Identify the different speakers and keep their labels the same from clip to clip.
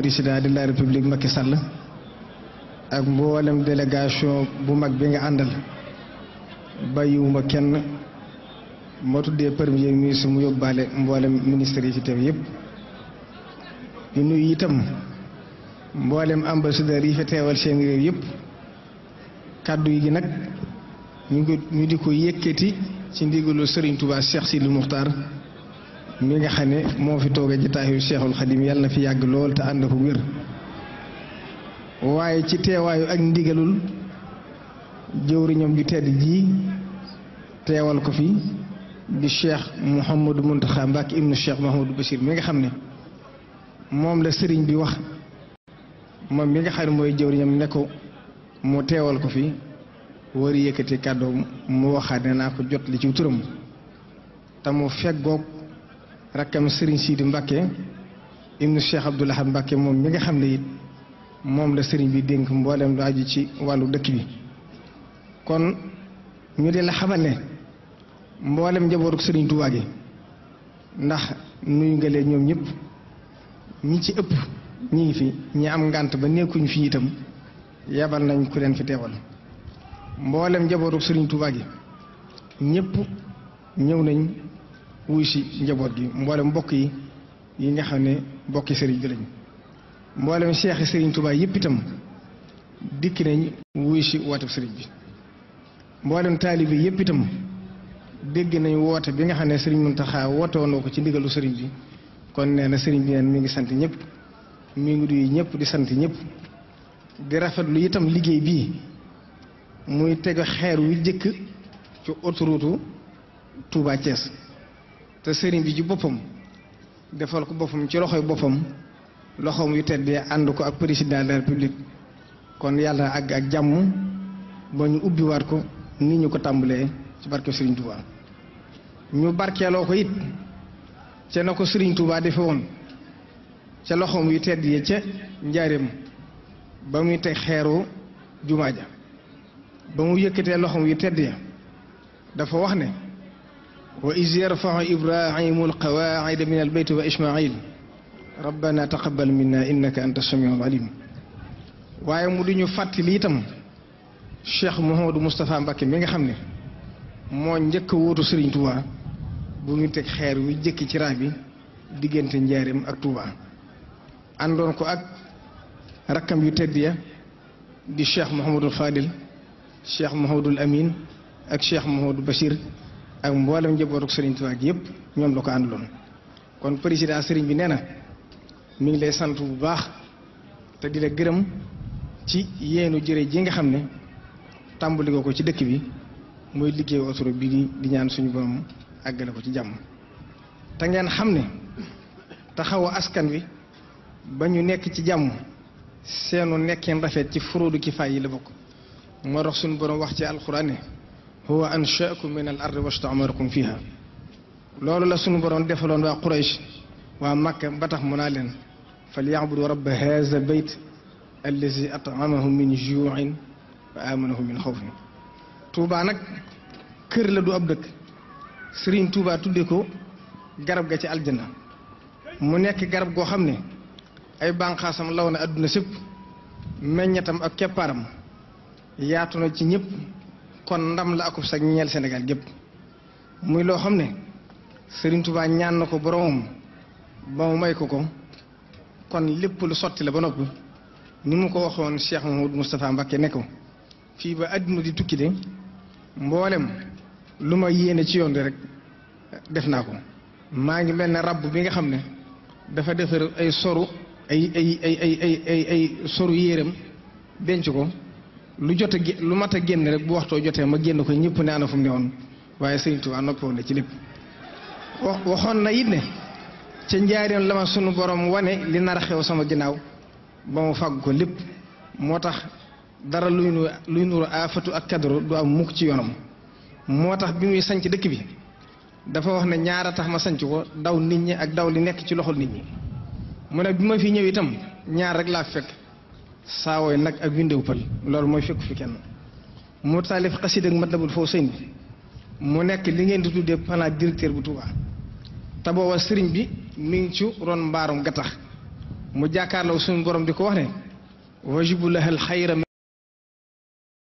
Speaker 1: président de la république Macky ak mboolem délégation bu mag bi nga àndal bàyyiwuma kenn moo tuddee premier ministre mu yóbbaale mboolem ministre yi ci teew yëpp di nuyu itam mboolem ambassadeur yi fi teewal nag ñu ngi ñu di ko yëkkati ci ndigalu Serigne Touba Cheikh Sidi Moukhtar mi nga xam ne moo fi toogee jotaayu Cheikhul Khadim yàlla na fi yàgg lool te ànd ko wér waaye ci teewaayu ak ndigalul jëwriñam ju tedd ji teewal ko fi di Cheikh Mouhamadou Mountakha Mbacké ibnu Cheikh Mouhamadou Bachir mi nga xam ne moom la sëriñ bi wax moom mi nga xam ne mooy jëwriñam ne ko mu teewal ko fi war yëkkati kàddoom mu waxaat ne naa ko jot li ci turam te mu feggoog rakkam Serigne Sidi Mbacke ibnu Cheikh Abdoul Ahad Mbacke moom mi nga xam ne it moom la sëriñ bi dénk mboolem lu aju ci wàllu dëkk bi kon ñu di la xamal ne mboolem njabootu Serigne Touba gi ndax nuyu nga leen ñoom ñëpp ñi ci ëpp ñi ngi fi ñi am ngànt ba nekkuñu fi itam yabal nañ ku leen fi teewal mboolem njabootu Serigne Touba gi ñëpp ñëw nañ. wuy si njaboot gi mboolem mbokk yi yi nga xam ne mbokki sëriñ bi lañ mboolem seexi sëriñ Tuubaa yëpp itam dikki nañ wuy si sëriñ bi mboolem taalibe yëpp itam dégg nañ woote bi nga xam ne sëriñ Muntaxa woote woon ko ci ndigalu sëriñ bi kon nee na sëriñ bi neen mi ngi sant ñëpp mi ngi duy ñëpp di sant ñëpp di rafetlu itam liggéey bii muy teg xeer wu jëkk ci autoroute Touba Thiès te sëriñ bi ci boppam defal ko boppam ci loxoy boppam loxoom yu teddee ànd ko ak président de république kon yàlla àgg ak jàmm ba ñu ubbi waat ko ni ñu ko tàmbalee ci barke sëriñ Touba ñu barkeeloo ko it ca na ko sëriñ Touba defe woon ca loxoom yu tedd ya ca njaareem ba muy teg xeeru jumaa ja ba mu yëkkatee loxoom yu tedd ya dafa wax ne وإذ يرفع إبراهيم القواعد من البيت وإسماعيل ربنا تقبل منا إنك أنت السميع العليم waaye mu di ñu fàttali itam Cheikh Mouhamadou Moustapha Mbacké mi nga xam ne moo njëkk a wóotu Serigne Touba bu ñu teg xeer wi jëkki ci raay bi diggante Njaareem ak Touba àndoon ko ak rakkam yu tedd ya di Cheikh Mouhamadou Fadil Cheikh Mouhamadou Amine ak Cheikh Mouhamadou Bachir. ak mboolem njabootu Serigne Touba gi yëpp ñoom la ko àndaloon kon président Serigne bi nee na mi ngi lay santu bu baax te di la gërëm ci yéenu jëre ji nga xam ne tàmbali ko ci dëkk bi mooy liggéeyu autoroute bi di ñaan suñu borom àggale ko ci jàmm te ngeen xam ne taxawu askan wi ba ñu nekk ci jàmm seenu nekkin rafet ci fraude kifaay yi la bokk moo tax suñu borom wax ci alxuraan ne هو أنشأكم من الأرض واستعمركم فيها لولا لا سن بورون ديفالون وا قريش وا مكه باتخ منالين فليعبدوا رب هذا البيت الذي اطعمهم من جوع وامنهم من خوف توبا نك كير لا دو اب توبا تديكو غرب غا الجنه مو نيك غرب غو خامني اي بانخاسام لاونا ادنا سيب ميغناتام اك كبارم ياتونا سي نييب kon ndam la akub sag ñeel Sénégal gépp muy loo xam ne Serigne Touba ñaan na ko boromam ba mu may ko ko kon lépp lu sottile ba noppi ni mu ko waxoon Cheikh Mahmoud Moustapha Mbacké ne ko fii ba àdduna di tukki de mboolem lu ma yéene ci yoon bi rek def naa ko maa ngi mel ne rab bi nga xam ne dafa defar ay soru ay ay ay ay ay ay soru yéeram denc ko lu jot a lu mat a génn rek bu waxtoo jotee ma génn ko ñëpp ne ana fu mu ne woon waaye Sëriñ Tuubaa noppoon na ci lépp wax waxoon na it ne ca njaareem la ma sunu borom wane li nar a xew sama ginnaaw ba mu fàgg ko lépp moo tax dara luy nu luy nuru aafatu ak kadru du am mukk ci yoonam moo tax bi muy sanc dëkk bi dafa wax ne ñaara tax ma sanc ko daw nit ñi ak daw li nekk ci loxol nit ñi mu ne bi ma fi ñëw itam ñaar rek laa fekk saawooy nag ak windew pël loolu mooy fekku fi kenn mu taalif xasida ak matlabul foo sëñ mu nekk li ngeen di tuddee plan directeur bu Touba te booba sëriñ bi mi ngi ci ron mbaarum gattax mu jàkkaarloo
Speaker 2: suñu borom di ko wax ne wajibu lahal xayra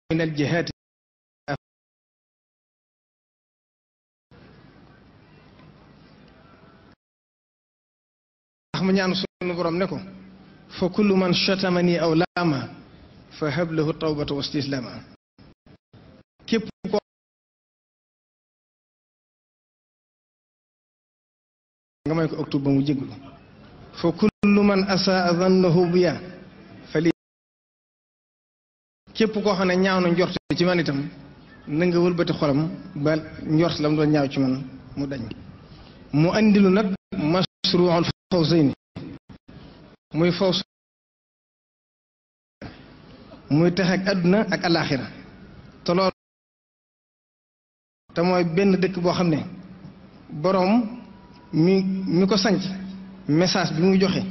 Speaker 2: min al jihaati tax mu ñaan suñu borom ne ko fa kullu man chatamani aw laama fa hablahu tawbata wa istislama képp ko nga ko octobre koo xam ne ñaaw na njort
Speaker 1: ci man itam na wëlbati xolam ba njort lam doon ñaaw ci man mu dañ
Speaker 2: mu andilu nag masruul fawzayni muy foofu muy tax ak àdduna ak alaaxira te loolu te mooy benn dëkk boo xam ne
Speaker 1: boroom mi mi ko sanc message bi muy joxe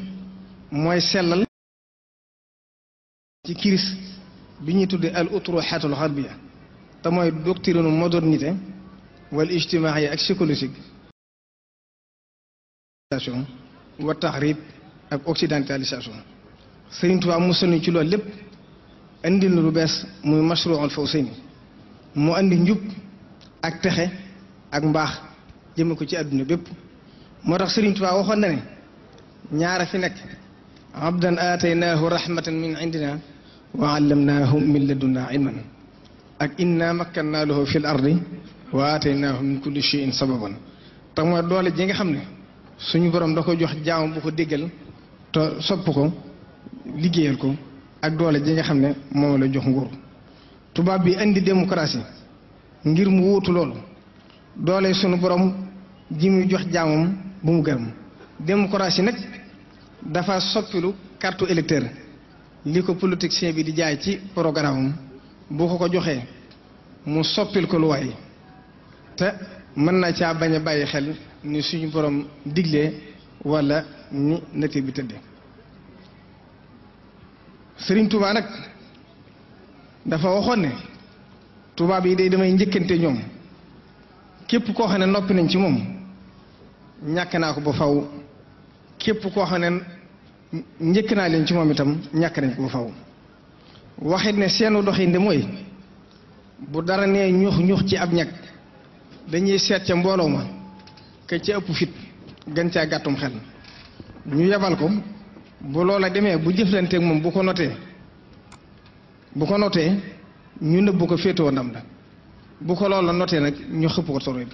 Speaker 1: mooy sellal ci kiris bi ñuy tudde al utruxatul xarbiya te mooy doctrine modernité wala ijtimaaya ak psychologique wa taxrib ak occidentalisation Sëriñ Tuubaa mu sonni ci loolu lépp indi na lu bees muy mashruul fawsayni mu andi njub ak texe ak mbaax jëme ko ci àdduna bépp moo tax Sëriñ Tuubaa waxoon na ne ñaara fi nekk abdan aataynaahu rahmatan min indina wa allamnaahu min ladunna ilman ak inna makkannaa lahu fi l wa aataynaahu min kulli cheyin sababan te doole ji xam ne suñu borom da ko jox jaam bu ko déggal te sopp ko liggéeyal ko ak doole ji nga xam ne moom la jox nguur tubaab bi indi démocratie ngir mu wuutu loolu doole sunu borom ji muy jox jaamam bu mu gërëm démocratie nag dafa soppilu carte électeur li ko politicien bi di jaay ci programme boo ko ko joxee mu soppil ko lu waay te mën na ca bañ a bàyyi xel ni suñu borom diglee wala ni natt bi tëdde Sëriñ Tuubaa nag dafa waxoon ne tubaab yi day damay njëkkante ñoom képp koo xam ne noppi nañ ci moom ñàkk naa ko ba faw képp ko xam ne njëkk naa leen ci moom itam ñàkk nañ ko ba faw waxit ne seenu doxin de mooy bu dara nee ñuux ñuux ci ab ñag dañuy seet ca mbooloo ma ka ca ëpp fit gën gàttum xel ñu yebal ko bu loola demee bu jëflanteek moom bu ko notee bu ko notee ñu nëbbu ko féetewoo ndam da bu ko loola notee nag ñu xëpp ko toroy bu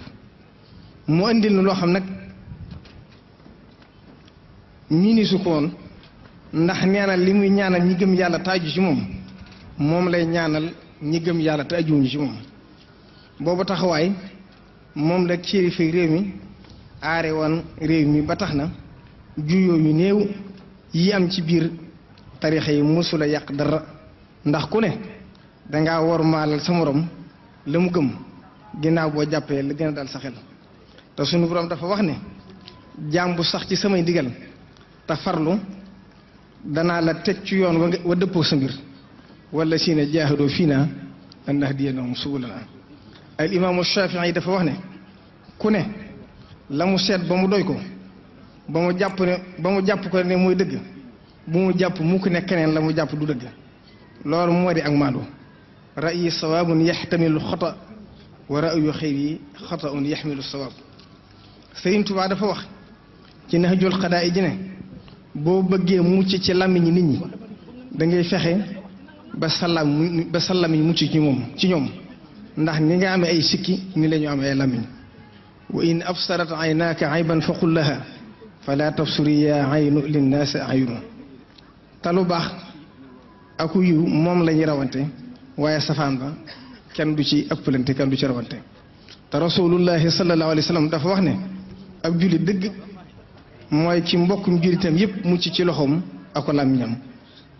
Speaker 1: mu indil nu loo xam nag ñii ni ndax ñaanal li muy ñaanal ñi gëm yàlla taaju ci moom moom lay ñaanal ñi gëm yàlla te ajuwuñu ci moom boobu taxawaay moom la céeri fi réew mi aare woon réew mi ba tax na juyoo yu néew yi am ci biir tarixa yi mosula yàq dara ndax ku ne dangaa war maalal sa morom la mu gëm ginnaaw boo jàppee la gën a dal sa te suñu borom dafa wax ne jaam bu sax ci samay ndigal te farlu danaa la teg ci yoon wa dëppoo sa mbir wala si ne jaahadoo fii naa lanahdiyannahum subulanaa al imaamu yi dafa wax ne ku ne la mu seet ba mu doy ko ba mu jàpp ne ba mu jàpp ko ne mooy dëgg bu mu jàpp mukk ne keneen la mu jàpp du dëgg loolu moo di ak maandu ra'yi sawaabun yaxtamilu xata wa ra'yu xayri xata un yaxmilu sawaab Sëriñ dafa wax ci Nahjul Qadaa ji ne boo bëggee mucc ci làmmiñi nit ñi dangay fexe ba salaam ba sa mucc ci ci ñoom ndax ni nga amee ay sikki ni la ñu amee ay làmmiñ wa in absarat aynaaka ban faqul laha fala tafsuri yaa aynu linnaasi aynu te lu baax aku yiw moom lañuy ñuy rawante waaye safaan ba kenn du ci ëppalante kenn du ci rawante te rasulullahi sallallahu alayhi wa dafa wax ne ak julli dëgg mooy ci mbokkum jullitam yépp mu ci ci loxoom ako làmmiñam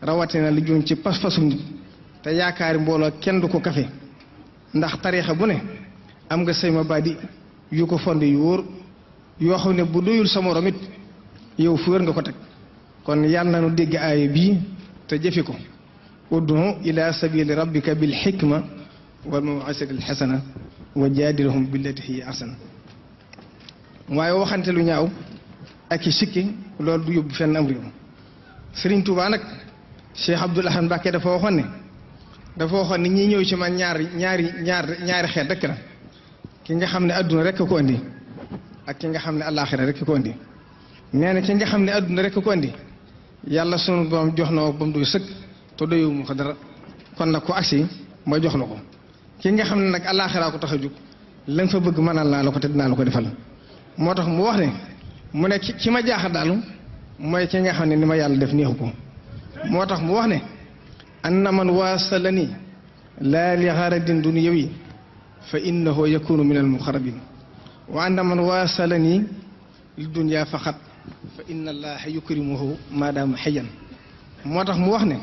Speaker 1: rawate na li jëm ci pas-pasum nit te yaakaari mbooloo kenn du ko kafe ndax tariixa bu ne am nga say mabaadi yu ko fonde yu wóor yoo xam ne bu doyul sa morom yow fu wér nga ko teg kon yàlla na nu dégg aaya bii te jëfe ko ud'u ila sabili rabbika bil hikma wal maw'izatil hasana wa jaadilhum billati hiya ahsan waaye waxante lu ñaaw ak i sikki loolu du yóbbu fenn am réew Sëriñ Tuubaa nag Cheikh Abdoul Ahad Mbacké dafa waxoon ne dafa waxoon ne ñi ñëw ci man ñaari ñaari ñaar ñaari xeet rekk la ki nga xam ne adduna rekk ko indi ak ki nga xam ne àllaaxira rekk ko indi nee na ci nga xam ne àdduna rek ko andi yàlla sunu borom jox na ba mu doy sëkk te doyu mu ko dara kon nag ku agsi mooy jox na ko ki nga xam ne nag àllaaxiraa ko tax a fa bëgg mënal naa la te dinaa la defal moo mu wax ne mu ne ki ma jaaxal daalu mooy ki nga xam ne yàlla def neexu ko mu wax ne anna man waasala nii li xaradin dunyawi fa innahu yakunu min al muxarabin wa anna man waasala nii li dunya faqat fa inna allaha yukrimuhu maadaama xëyan moo tax mu wax ne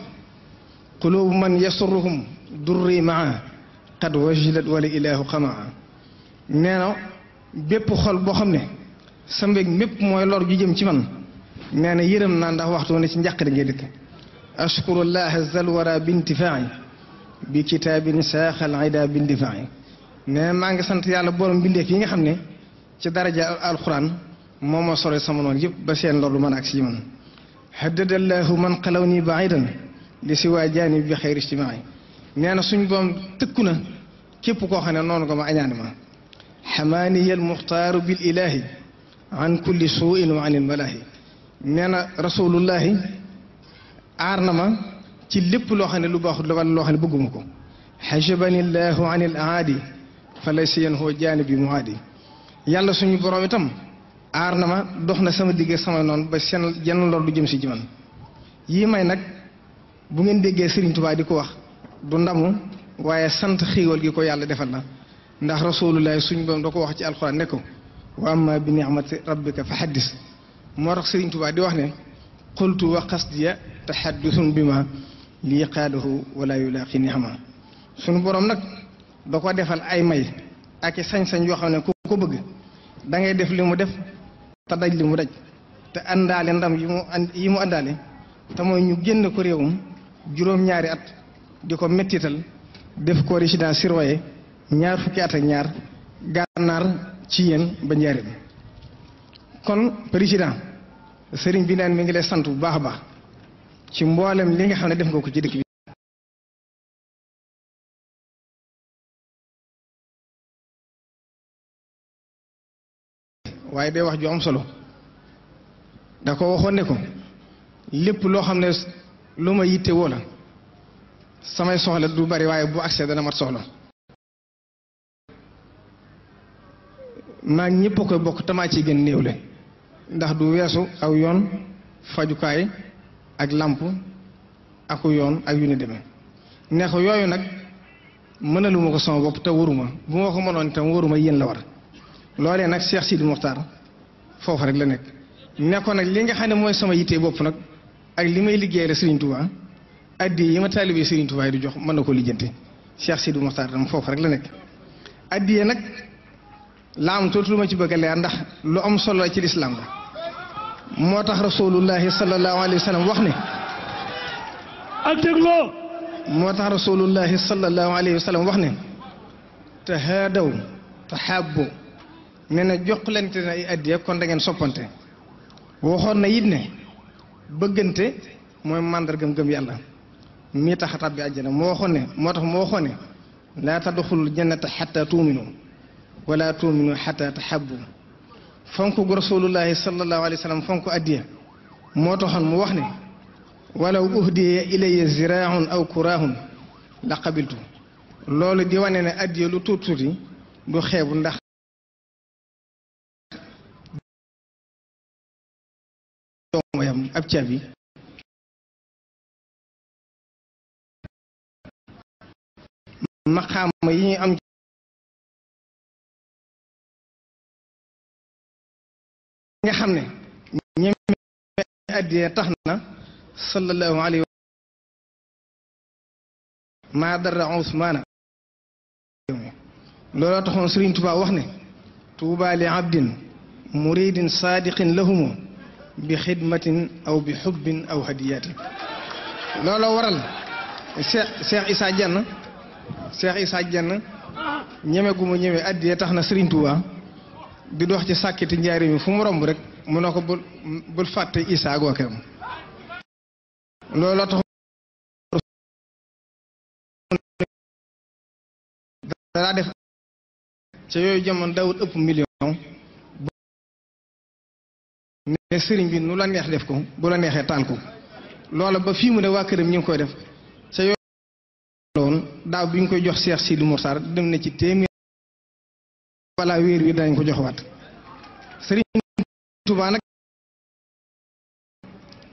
Speaker 1: qulubu man yasurruhum durri maa qad wajilat wala ilaahu xamaa nee na bépp xol boo xam ne sa mbég mépp mooy lor ju jëm ci man nee na yërëm naa ndax waxtu ne ci njàqare ngay dëkk ashkuru llaha zalwara bintifaai bi kitaabin saaxal ida bindifaai nee na maa ngi sant yàlla borom bindeef yi nga xam ne ci daraja alquran moo ma sore sama noonu yëpp ba seen loolu man ak si man haddadallahu man xalaw nii baidan li si waa jaani bi xayr ijtimaai nee na suñ boom tëkku na képp koo xam ne noonu ko ma añaani ma xamaaniya almuxtaaru bil ilahi an kulli suuin wa an ilmalaahi nee na rasulullahi aar na ma ci lépp loo xam ne lu baaxut la wala loo xam ne bëgguma ko xajabani llahu an il aadi fa laysa yan huwa jaani bi muaadi yàlla suñu borom itam arnama doxna sama digge sama non ba sen jenn lor du jëm ci jiman yi may nak bu ngeen degge Serigne Touba diko wax du ndamu waye sante xiwol gi ko yàlla defal na ndax rasulullah suñu bam dako wax ci alquran ne ko wa amma bi ni'mati rabbika fa xaddis tax Serigne Touba di wax ne qultu wa qasdiya taxaddusun bima li qaluhu wa la yulaqi ni'ma suñu borom nak dako defal ay may ak sañ-sañ yo xamne ko ko bëgg da ngay def limu def te daj li mu daj te àndaale ndam yi mu yi mu àndaale te mooy ñu génn ko réewum juróom-ñaari at di ko mettital def ko résidence surveillée ñaar fukki at ak ñaar gànnaar ci yéen ba njaareem
Speaker 2: kon président sëriñ bi naan mi ngi lay sant bu baax a baax ci mboolem li nga xam ne def nga ko ci dëkk waaye day wax ju solo da ko waxoon ne ko lépp loo xam ne
Speaker 1: lu ma yitte woo la samay soxla du bari waaye bu accès dana mat soxla maa ñëpp koy bokk tamaa ci gën néew le ndax du weesu aw yoon fajukaay ak làmp aku yoon ak yu ni demee neex yooyu nag mënalu ma ko sama bopp te waruma bu ma ko mënoon itam waruma yéen la war loolee nag Cheikh Sidi Moukhtar foofu rek la nekk nekkoon nag li nga xam ne mooy sama yittee bopp nag ak li may liggéeyal Serigne Touba addi yi ma taalibee Serigne Touba yi du jox man na ko lijjanti Cheikh Sidi Moukhtar dama foofu rek la nekk addi yee nag laa am tuuti lu ma ci bëgg a leer ndax lu am solo ci lislaam la moo tax rasulullahi sallallahu alayhi wa sallam wax ne ak dégloo moo tax rasulullahi sallallahu alayhi wa sallam wax ne tahaadaw tahaabbu nee na joxlante na ay addiya kon ngeen soppante waxoon na it ne bëggante mooy màndargam gëm yàlla mii tax a tàbbi àjjana moo waxoon moo tax moo waxoon ne laa tadxulul jannata xatta tuuminu wala tuuminu xatta taxabbu fonk gu rasulullahi sallallahu alayhi wa sallam fonk addiya moo taxoon mu wax ne walaw uhdiya ilayya ziraahun aw kuraahun la qabiltu loolu di wane
Speaker 2: ne lu tuuti du xeebu ndax ويقول صلى الله عليه وسلم ما درع عثمان لولا تخون سرين توبا وحني توبا لعبد
Speaker 1: مريد صادق لهم bi xidmatin aw bi xubbin aw hadiyatin looloo waral Cheikh Cheikh Issa Dienne Cheikh Issa ñeme gu mu ñeme addiya tax na Serigne di dox ci sàkkiti njaari mi
Speaker 2: fu mu romb rek mu ne ko bul bul fàtte Issa gookeem looloo tax danaa yooyu jamono dawut ëpp million te sëriñ bi nu la neex def ko bu la neexee taal ko loola ba
Speaker 1: fi mu ne waa këram ñu ngi koy def sa yoon loon daaw bi ñu koy jox Cheikh Sidi Moursar
Speaker 2: dem na ci téeméer wi danañ ko joxwaat sëriñ Tuubaa nag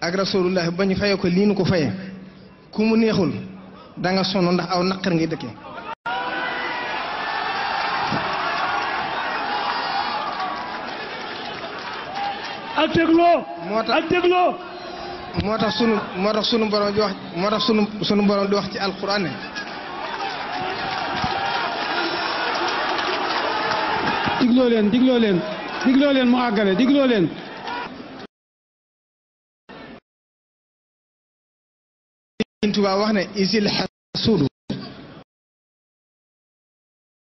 Speaker 2: ak rasulullah ba ñu fayee ko lii nu
Speaker 1: ko fayee ku mu neexul da nga sonn ndax aw naqar ngay dëkkee ak dégloo. moo tax ak dégloo. moo tax sunu moo tax sunu borom di wax moo tax sunu sunu borom di wax ci alquran ne.
Speaker 2: digloo leen digloo leen digloo leen mu àggale digloo leen. Sëriñ Tuubaa wax ne isil xasuudu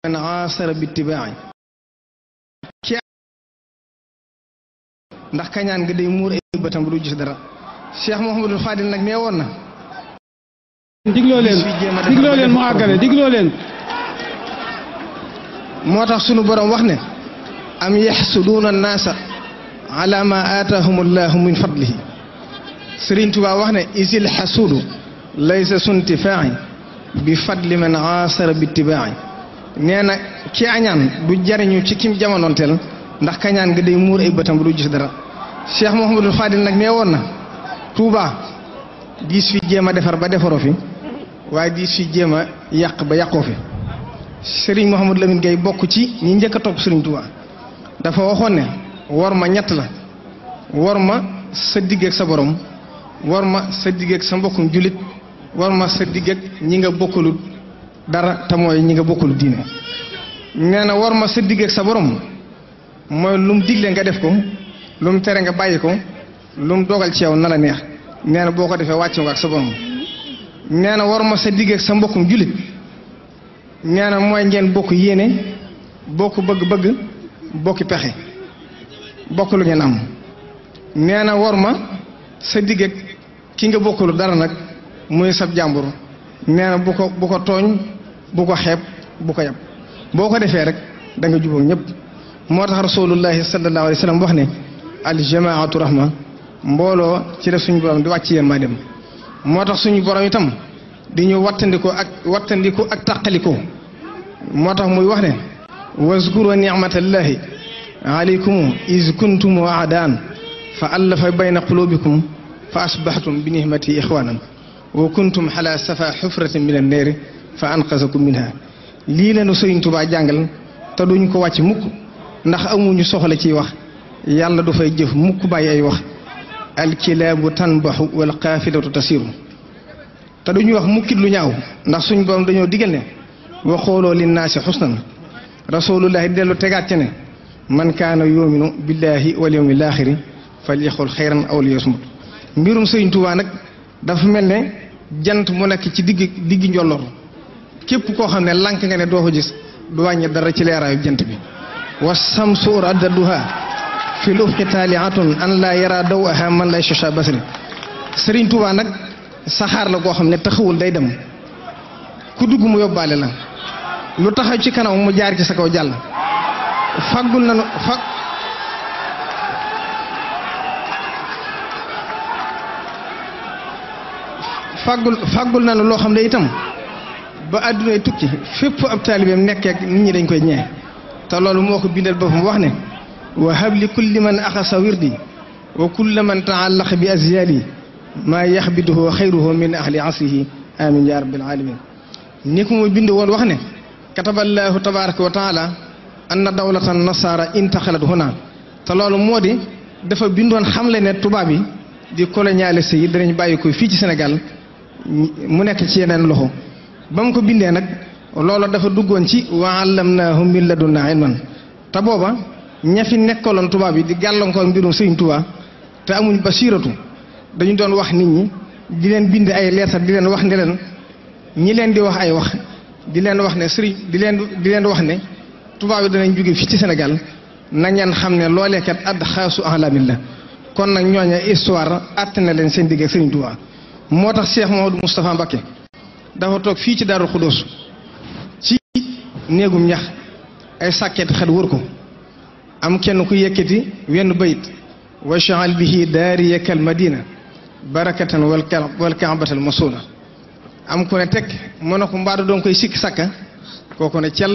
Speaker 2: man aasara bitibaa'i ndax kañaan nga day muur ay bëtam bu du gis dara Cheikh Mouhamadou Fadil nag nee
Speaker 1: woon na. digloo leen digloo leen mu àggale digloo leen. moo tax sunu borom wax ne. am yaxsuduuna naasa ala ma aataahum allahu min fadlihi Sëriñ Tuubaa wax ne isil xasuudu laysa sunti faa'i bi fadli man aasara bi itibaa'i nee na ki añaan du jariñu ci kim jamonoonteel ndax kañaan nga day muur ay bëtam bu du gis dara Cheikh Mouhamadul Fadil nag nee woon na Touba diis fi jéem a defar ba defaroo fi waaye diis fi jéem a yàq ba yàqoo fi Serigne Mouhamadou Lamine Gueye bokk ci ñi njëkk a topp Serigne Touba dafa waxoon ne war ma ñett la war ma sa digg sa borom war ma sa digg sa mbokkum julit war ma sa digg ñi nga bokkalut dara te mooy ñi nga bokkalut diine nee na war ma sa digg ak sa borom. mooy lu mu digle nga def ko lu mu tere nga bàyyi ko lu mu dogal ci yow na la neex nee boo ko defee wàcc nga ak sa borom nee na war ma sa digg sa mbokkum jullit nee na mooy ngeen bokk yéene bokk bëgg-bëgg bokki pexe bokk ngeen am nee na war ma sa digg ak ki nga bokkul dara nag muy sab jàmbur nee bu ko bu ko tooñ bu ko xeeb bu ko yab boo ko defee rek da nga jubóo ñëpp موتا رسول الله صلى الله عليه وسلم وحني الجماعة رحمة مولو تيلا سوني برام دو اكتيا مادم موتا سوني برام يتم دينيو واتن ديكو اك تقلكو موتا موي وحني وزكرو نعمة الله عليكم إذ كنتم أعداء فألف بين قلوبكم فأصبحتم بنهمتي إخوانا وكنتم على سفا حفرة من النار فأنقذكم منها لينا نسوين تبع جانجل تدوين كواتي مكو ndax amuñu soxla ciy wax yàlla du fay jëf mukk bàyyi ay wax alkilaabu tanbaxu wal qaafilatu tasiru te duñu wax mukkit lu ñaaw ndax suñ borom dañoo digal ne wa xooloo linnaasi xusnan rasulullahi dellu tegaat ci ne man kaana yuminu billahi wal yawmil axiri falyaxul xayran aw liyasmut mbirum sëriñ Tuubaa nag dafa mel ne jant mu nekk ci digg digg njolloor képp koo xam ne lànk nga ne doo ko gis du wàññi dara ci leeraayu jant wa samsu raddaduha fi l ufqi taaliatun an laa yara daw aha man lay sosa basri sëriñ Tuubaa nag saxaar la goo xam ne taxawul day dem ku dugg mu yóbbaale la lu taxaw ci kanam mu jaar ci sa kaw jàll faggul nanu fag faggul faggul loo xam ne itam ba àddunay tukki fépp ab taalibeem nekkee nit ñi dañ koy ñee te loolu moo ko bindal boppam wax ne wa hab li kulli man a wirdi wa kulli man ta taallaqa bi azyali maa yaxbiduhu xayruhu min ahli asihi amin ya rabbil alamin ni ko mu bind woon wax ne kataballaahu tabaraka wa taala anna dawlatan nasara intaxalat huna te loolu moo di dafa bindoon xam xamle ne tubaab yi di colonialiste yi danañ bàyyi ko fii ci senegal mu nekk ci yeneen loxo ba ko bindee nag loola dafa duggoon ci waa wa allamnaahu naa ladunnaa man te booba ña fi nekkaloon tubaab yi di gàllankoor mbirum sëriñ Tuubaa te amuñ basiiratu dañu doon wax nit ñi di leen bind ay leetar di leen wax ne leen ñi leen di wax ay wax di leen wax ne sëriñ di leen di leen wax ne tubaab yi danañ jóge fii ci senegal na ngeen xam ne looleekat add xasu alamin la kon nag ñooña histoire àtt na leen seen digg ak sëriñ Tuubaa moo tax Cheikh Mouhamadou Moustapha Mbacké dafa toog fii ci Daaru Xudóos نيغوم نياخ اي ساكيت خال وركو ام كين كو ييكتي وين بيت وشعل به داريك المدينه بركه والكعبه المصونه ام كون تك مونوكو مبارو دون كاي سيك ساكا كوكو ني تيل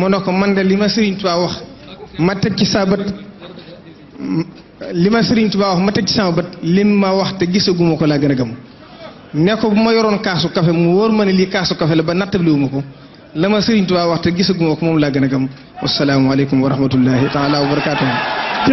Speaker 1: مونوكو ماند لي ما سيرين توا واخ ما تك سي سابت لما سيرين توا واخ ما تك سي سابت لين ما واخ تا غيسوغومكو لا غنا غام نيكو ما يورون كاسو كافي مو وور ماني لي كاسو كافي لا با ناتبلي ومكو la ma Sëriñ
Speaker 2: Tuubaa wax te gisaguma ko moom laa gën a gëm wasalaamualeykum wa rahmatullahi taala wa barakaatuhu